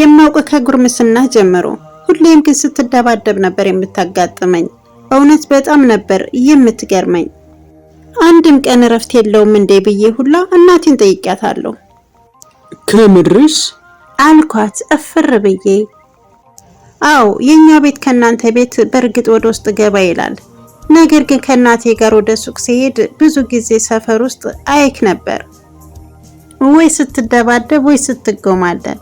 የማውቅ ከጉርምስና ጀምሮ ሁሌም ግን ስትደባደብ ነበር የምታጋጥመኝ። በእውነት በጣም ነበር የምትገርመኝ። አንድም ቀን እረፍት የለውም እንዴ ብዬ ሁላ እናቴን ጠይቂያታለሁ። ከምድርስ አልኳት እፍር ብዬ። አዎ የኛ ቤት ከእናንተ ቤት በእርግጥ ወደ ውስጥ ገባ ይላል። ነገር ግን ከእናቴ ጋር ወደ ሱቅ ሲሄድ ብዙ ጊዜ ሰፈር ውስጥ አይክ ነበር ወይ ስትደባደብ ወይ ስትጎማለን።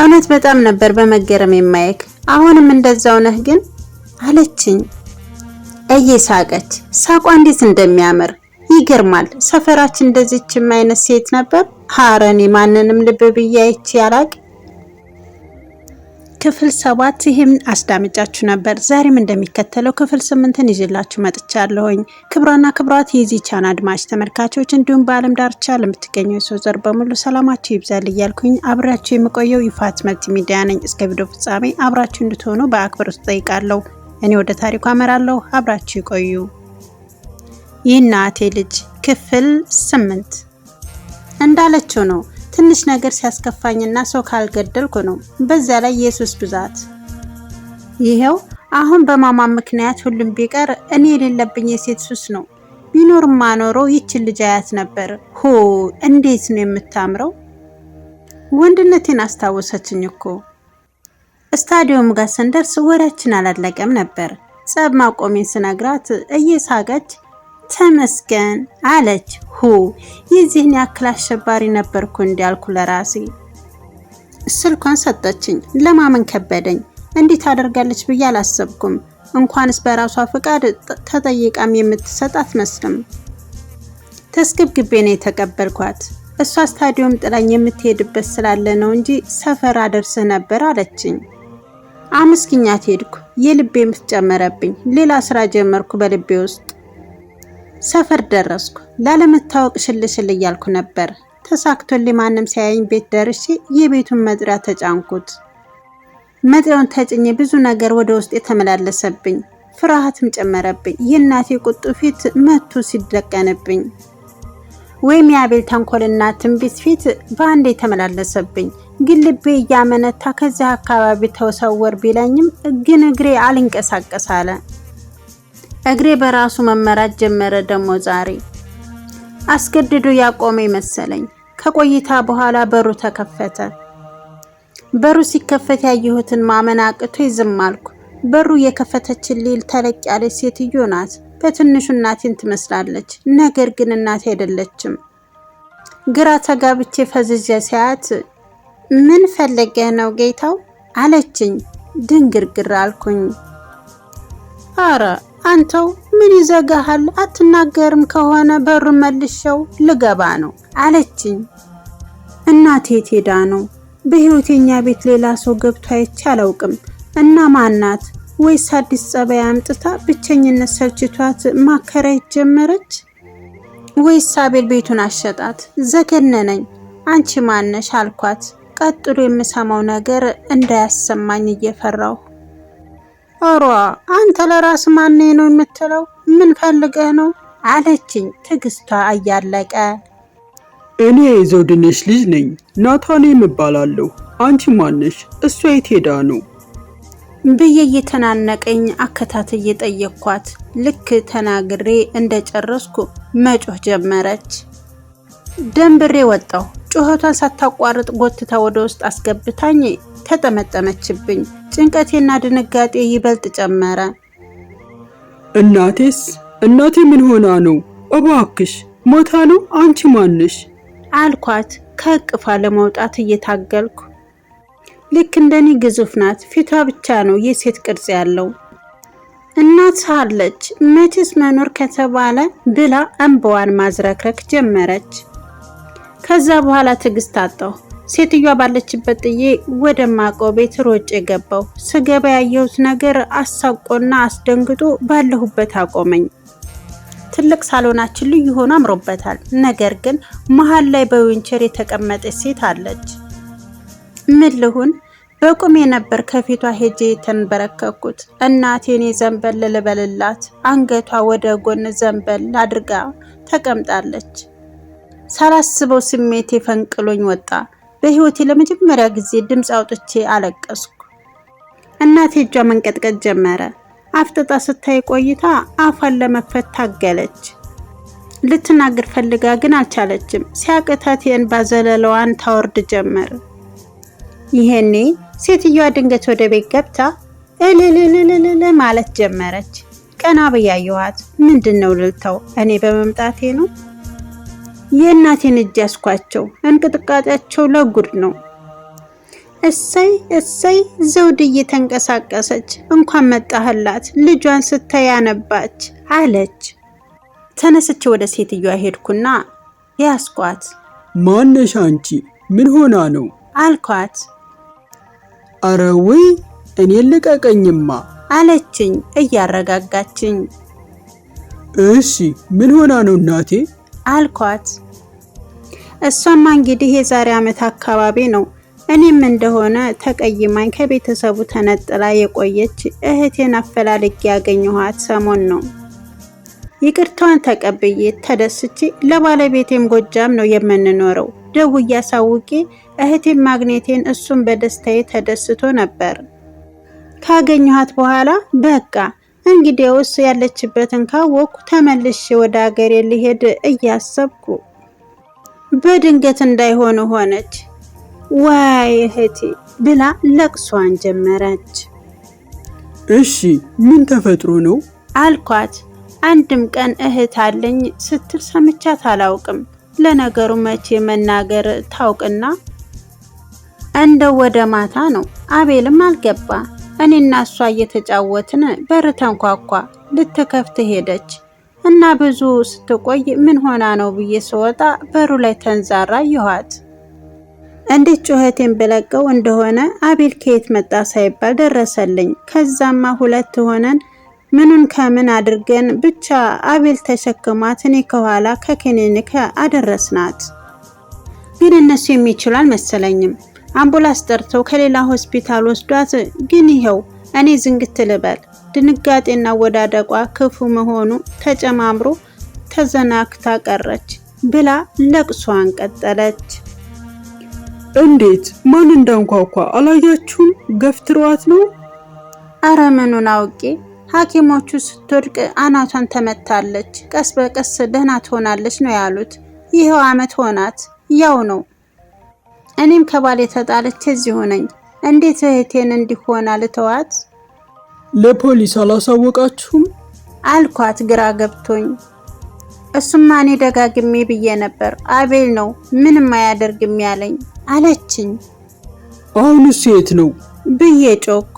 እውነት በጣም ነበር በመገረም የማየክ። አሁንም እንደዛው ነህ ግን አለችኝ እየሳቀች። ሳቋ እንዴት እንደሚያምር ይገርማል። ሰፈራችን እንደዚችም አይነት ሴት ነበር። ኧረ ማንንም ልብ ብዬ አይቼ ክፍል ሰባት ይህም አስዳምጫችሁ ነበር። ዛሬም እንደሚከተለው ክፍል ስምንትን ይዤላችሁ መጥቻለሁኝ። ክብሯና ክብሯት የዚህ ቻናል አድማጭ ተመልካቾች እንዲሁም በዓለም ዳርቻ ለምትገኙ የሰው ዘር በሙሉ ሰላማችሁ ይብዛል እያልኩኝ አብራችሁ የምቆየው ይፋት መብት ሚዲያ ነኝ። እስከ ቪዲዮ ፍጻሜ አብራችሁ እንድትሆኑ በአክብሮት ጠይቃለሁ። እኔ ወደ ታሪኩ አመራለሁ። አብራችሁ ይቆዩ። የእናቴ ልጅ ክፍል ስምንት እንዳለችው ነው ትንሽ ነገር ሲያስከፋኝና ሰው ካልገደልኩ ነው። በዛ ላይ የሱስ ብዛት ይሄው አሁን በማማ ምክንያት ሁሉም ቢቀር እኔ የሌለብኝ የሴት ሱስ ነው። ቢኖር ማኖሮ ይችን ልጅ አያት ነበር። ሆ እንዴት ነው የምታምረው! ወንድነቴን አስታወሰችኝ እኮ። ስታዲየም ጋር ስንደርስ ወሬያችን አላለቀም ነበር። ጸብ ማቆሜን ስነግራት እየሳቀች ተመስገን አለች። ሁ የዚህን ያክል አሸባሪ ነበርኩ እንዲያልኩ ለራሴ ስልኳን ሰጠችኝ። ለማመን ከበደኝ። እንዲህ ታደርጋለች ብዬ አላሰብኩም። እንኳንስ በራሷ ፍቃድ ተጠይቃም የምትሰጥ አትመስልም። ተስግብግቤ ነው የተቀበልኳት። እሷ ስታዲዮም ጥላኝ የምትሄድበት ስላለ ነው እንጂ ሰፈር አደርስህ ነበር አለችኝ። አመስግኛት ሄድኩ። የልቤ ምትጨመረብኝ ሌላ ስራ ጀመርኩ በልቤ ውስጥ ሰፈር ደረስኩ። ላለመታወቅ ሽልሽል እያልኩ ነበር። ተሳክቶልኝ ማንም ሲያየኝ ቤት ደርሼ የቤቱን መጥሪያ ተጫንኩት። መጥሪያውን ተጭኜ ብዙ ነገር ወደ ውስጥ የተመላለሰብኝ፣ ፍርሃትም ጨመረብኝ። የእናቴ ቁጡ ፊት መቱ ሲደቀንብኝ ወይም የአቤል ተንኮልና ትንቢት ፊት በአንድ የተመላለሰብኝ ግን ልቤ እያመነታ ከዚህ አካባቢ ተሰወር ቢለኝም ግን እግሬ አልንቀሳቀስ አለ። እግሬ በራሱ መመራት ጀመረ። ደግሞ ዛሬ አስገድዶ ያቆመ መሰለኝ። ከቆይታ በኋላ በሩ ተከፈተ። በሩ ሲከፈት ያየሁትን ማመን አቅቶ ይዝማልኩ አልኩ። በሩ ሊል ተለቅ ያለች ሴትዮ ናት። በትንሹ እናቴን ትመስላለች፣ ነገር ግን እናቴ አይደለችም። ግራ ተጋብቼ ፈዝዤ ሳያት ምን ፈለገህ ነው ጌታው አለችኝ። ድንግርግር አልኩኝ። አረ አንተው ምን ይዘጋሃል? አትናገርም ከሆነ በር መልሸው ልገባ ነው አለችኝ። እናቴ ቴዳ ነው በህይወቴኛ ቤት ሌላ ሰው ገብቶ አይቼ አላውቅም። እና ማናት ወይስ አዲስ ጸባይ አምጥታ ብቸኝነት ሰልችቷት ማከራየት ጀመረች? ወይስ አቤል ቤቱን አሸጣት? ዘገነነኝ። አንቺ ማነሽ አልኳት። ቀጥሎ የምሰማው ነገር እንዳያሰማኝ እየፈራሁ ኧረ አንተ ለራስ ማኔ ነው የምትለው? ምን ፈልገህ ነው አለችኝ ትዕግስቷ እያለቀ። እኔ የዘውድነሽ ልጅ ነኝ ናታኔ የምባላለሁ አንቺ ማነሽ? እሷ የት ሄዳ ነው ብዬ እየተናነቀኝ አከታትዬ ጠየኳት። ልክ ተናግሬ እንደጨረስኩ መጮህ ጀመረች። ደንብሬ ወጣሁ። ጩኸቷን ሳታቋርጥ ጎትታ ወደ ውስጥ አስገብታኝ ተጠመጠመችብኝ። ጭንቀቴና ድንጋጤ ይበልጥ ጨመረ። እናቴስ? እናቴ ምን ሆና ነው? እባክሽ ሞታ ነው? አንቺ ማንሽ? አልኳት ከእቅፏ ለመውጣት እየታገልኩ። ልክ እንደኔ ግዙፍ ናት። ፊቷ ብቻ ነው የሴት ቅርጽ ያለው። እናት አለች መቼስ መኖር ከተባለ ብላ እንባዋን ማዝረክረክ ጀመረች። ከዛ በኋላ ትዕግስት አጣሁ። ሴትዮዋ ባለችበት ጥዬ ወደ ማቀው ቤት ሮጬ ገባሁ። ስገባ ያየሁት ነገር አሳቆና አስደንግጦ ባለሁበት አቆመኝ። ትልቅ ሳሎናችን ልዩ ሆኖ አምሮበታል። ነገር ግን መሀል ላይ በዊንቸር የተቀመጠች ሴት አለች። ምን ልሁን? በቁሜ ነበር ከፊቷ ሄጄ የተንበረከኩት። እናቴ ዘንበል ልበልላት፣ አንገቷ ወደ ጎን ዘንበል አድርጋ ተቀምጣለች። ሳላስበው ስሜቴ ፈንቅሎኝ ወጣ። በህይወቴ ለመጀመሪያ ጊዜ ድምፅ አውጥቼ አለቀስኩ። እናቴ እጇ መንቀጥቀጥ ጀመረ። አፍጥጣ ስታይ ቆይታ አፏን ለመክፈት ታገለች። ልትናገር ፈልጋ ግን አልቻለችም። ሲያቅታት የእንባ ዘለለዋን ታወርድ ጀመር። ይሄኔ ሴትዮዋ ድንገት ወደ ቤት ገብታ እልልልልልል ማለት ጀመረች። ቀና ብያየኋት። ምንድን ነው ልልተው እኔ በመምጣቴ ነው? የእናቴን እጅ ያስኳቸው እንቅጥቃጤያቸው ለጉድ ነው። እሰይ እሰይ! ዘውድዬ ተንቀሳቀሰች። እንኳን መጣህላት ልጇን ስታያነባች አለች። ተነስቼ ወደ ሴትዮዋ ሄድኩና ያስኳት። ማነሽ አንቺ? ምን ሆና ነው አልኳት። አረውይ እኔ ልቀቀኝማ አለችኝ እያረጋጋችኝ። እሺ ምን ሆና ነው እናቴ አልኳት። እሷማ እንግዲህ የዛሬ ዓመት አካባቢ ነው እኔም እንደሆነ ተቀይማኝ ከቤተሰቡ ተነጥላ የቆየች እህቴን አፈላልጌ ያገኘኋት ሰሞን ነው። ይቅርታዋን ተቀብዬ ተደስቼ ለባለቤቴም ጎጃም ነው የምንኖረው። ደውዬ አሳውቄ እህቴን ማግኘቴን እሱም በደስታዬ ተደስቶ ነበር። ካገኘኋት በኋላ በቃ እንግዲያውስ ያለችበትን ካወቅኩ ተመልሼ ወደ አገሬ ልሄድ እያሰብኩ በድንገት እንዳይሆን ሆነች። ዋይ እህቴ ብላ ለቅሷን ጀመረች። እሺ ምን ተፈጥሮ ነው አልኳት። አንድም ቀን እህት አለኝ ስትል ሰምቻት አላውቅም። ለነገሩ መቼ መናገር ታውቅና እንደው ወደ ማታ ነው። አቤልም አልገባ እኔና እሷ እየተጫወትን በር ተንኳኳ። ልትከፍት ሄደች እና ብዙ ስትቆይ ምን ሆና ነው ብዬ ስወጣ በሩ ላይ ተንዛራ ይኋት እንዴት ጩኸቴን ብለቀው እንደሆነ አቤል ከየት መጣ ሳይባል ደረሰልኝ። ከዛማ ሁለት ሆነን ምኑን ከምን አድርገን ብቻ አቤል ተሸክሟት እኔ ከኋላ ከክሊኒክ አደረስናት። ግን እነሱ የሚችሉ አልመሰለኝም። አምቡላንስ ጠርተው ከሌላ ሆስፒታል ወስዷት፣ ግን ይኸው እኔ ዝንግት ልበል። ድንጋጤና ወዳደቋ ክፉ መሆኑ ተጨማምሮ ተዘናክታ ቀረች ብላ ለቅሷን ቀጠለች። እንዴት ማን እንዳንኳኳ አላያችሁም? ገፍትሯት ነው። አረ ምኑን አውቄ። ሐኪሞቹ ስትወድቅ አናቷን ተመታለች። ቀስ በቀስ ደህና ትሆናለች ነው ያሉት። ይኸው አመት ሆናት። ያው ነው እኔም ከባሌ ተጣልቼ እዚህ ሆነኝ። እንዴት እህቴን እንዲሆን አልተዋት? ለፖሊስ አላሳወቃችሁም? አልኳት ግራ ገብቶኝ። እሱማ እኔ ደጋግሜ ብዬ ነበር፣ አቤል ነው ምንም አያደርግም ያለኝ አለችኝ። አሁንስ የት ነው ብዬ ጮክ።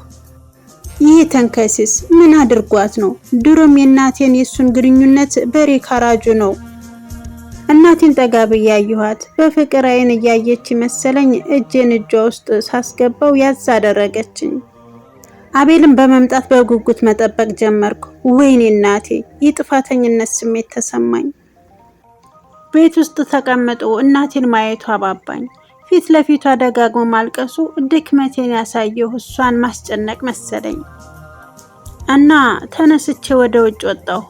ይህ ተንከሲስ ምን አድርጓት ነው? ድሮም የእናቴን የእሱን ግንኙነት በሬ ካራጁ ነው እናቴን ጠጋ ብዬ አየኋት። በፍቅር አይን እያየች መሰለኝ እጄን እጇ ውስጥ ሳስገባው ያዝ አደረገችኝ። አቤልን በመምጣት በጉጉት መጠበቅ ጀመርኩ። ወይኔ እናቴ! የጥፋተኝነት ስሜት ተሰማኝ። ቤት ውስጥ ተቀምጦ እናቴን ማየቱ አባባኝ። ፊት ለፊቷ ደጋግሞ ማልቀሱ ድክመቴን ያሳየው እሷን ማስጨነቅ መሰለኝ እና ተነስቼ ወደ ውጭ ወጣሁ።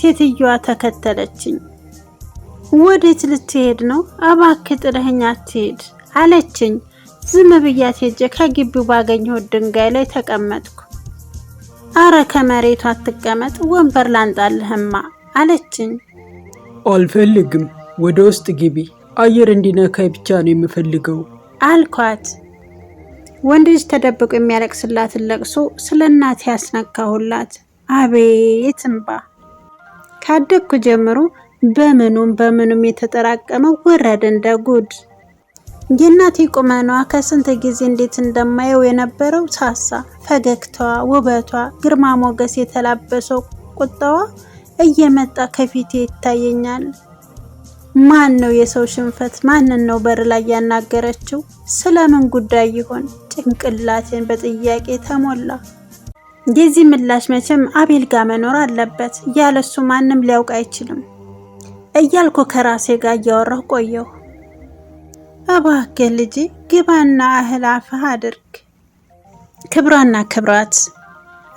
ሴትየዋ ተከተለችኝ። ወዴት ልትሄድ ነው? እባክህ ጥለኸኝ አትሄድ አለችኝ። ዝም ብያት ሄጄ ከግቢው ባገኘሁት ድንጋይ ላይ ተቀመጥኩ። አረ ከመሬቱ አትቀመጥ፣ ወንበር ላንጣልህማ አለችኝ። አልፈልግም፣ ወደ ውስጥ ግቢ፣ አየር እንዲነካይ ብቻ ነው የምፈልገው አልኳት። ወንድ ልጅ ተደብቆ የሚያለቅስላትን ለቅሶ ስለ እናቴ ያስነካሁላት። አቤት እንባ! ካደግኩ ጀምሮ በምኑም በምኑም የተጠራቀመ ወረደ እንደ ጉድ። የእናቴ ቁመኗ ከስንት ጊዜ እንዴት እንደማየው የነበረው ሳሳ፣ ፈገግታዋ፣ ውበቷ፣ ግርማ ሞገስ የተላበሰው ቁጣዋ እየመጣ ከፊቴ ይታየኛል። ማን ነው የሰው ሽንፈት? ማንን ነው በር ላይ ያናገረችው? ስለምን ጉዳይ ይሆን? ጭንቅላቴን በጥያቄ ተሞላ። የዚህ ምላሽ መቼም አቤል ጋር መኖር አለበት። ያለሱ ማንም ሊያውቅ አይችልም። እያልኩ ከራሴ ጋር እያወራሁ ቆየሁ። እባክህ ልጅ ግባና እህል አፍህ አድርግ። ክብራና ክብራት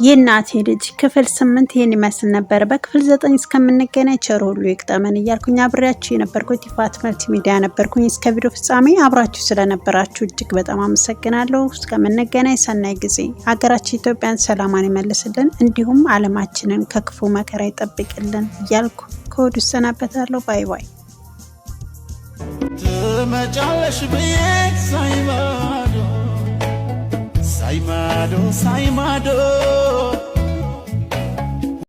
የእናቴ ልጅ ክፍል ስምንት ይህን ይመስል ነበር። በክፍል ዘጠኝ እስከምንገናኝ ቸር ሁሉ ይቅጠመን እያልኩኝ አብሬያችሁ የነበርኩ ይፋት መልቲ ሚዲያ ነበርኩኝ። እስከ ቪዲዮ ፍጻሜ አብራችሁ ስለነበራችሁ እጅግ በጣም አመሰግናለሁ። እስከምንገናኝ ሰናይ ጊዜ። ሀገራችን ኢትዮጵያን ሰላማን ይመልስልን፣ እንዲሁም አለማችንን ከክፉ መከራ ይጠብቅልን እያልኩ ከወዱ እሰናበታለሁ። ባይ ባይ። ትመጫለሽ ብዬ ሳይማዶ ሳይማዶ ሳይማዶ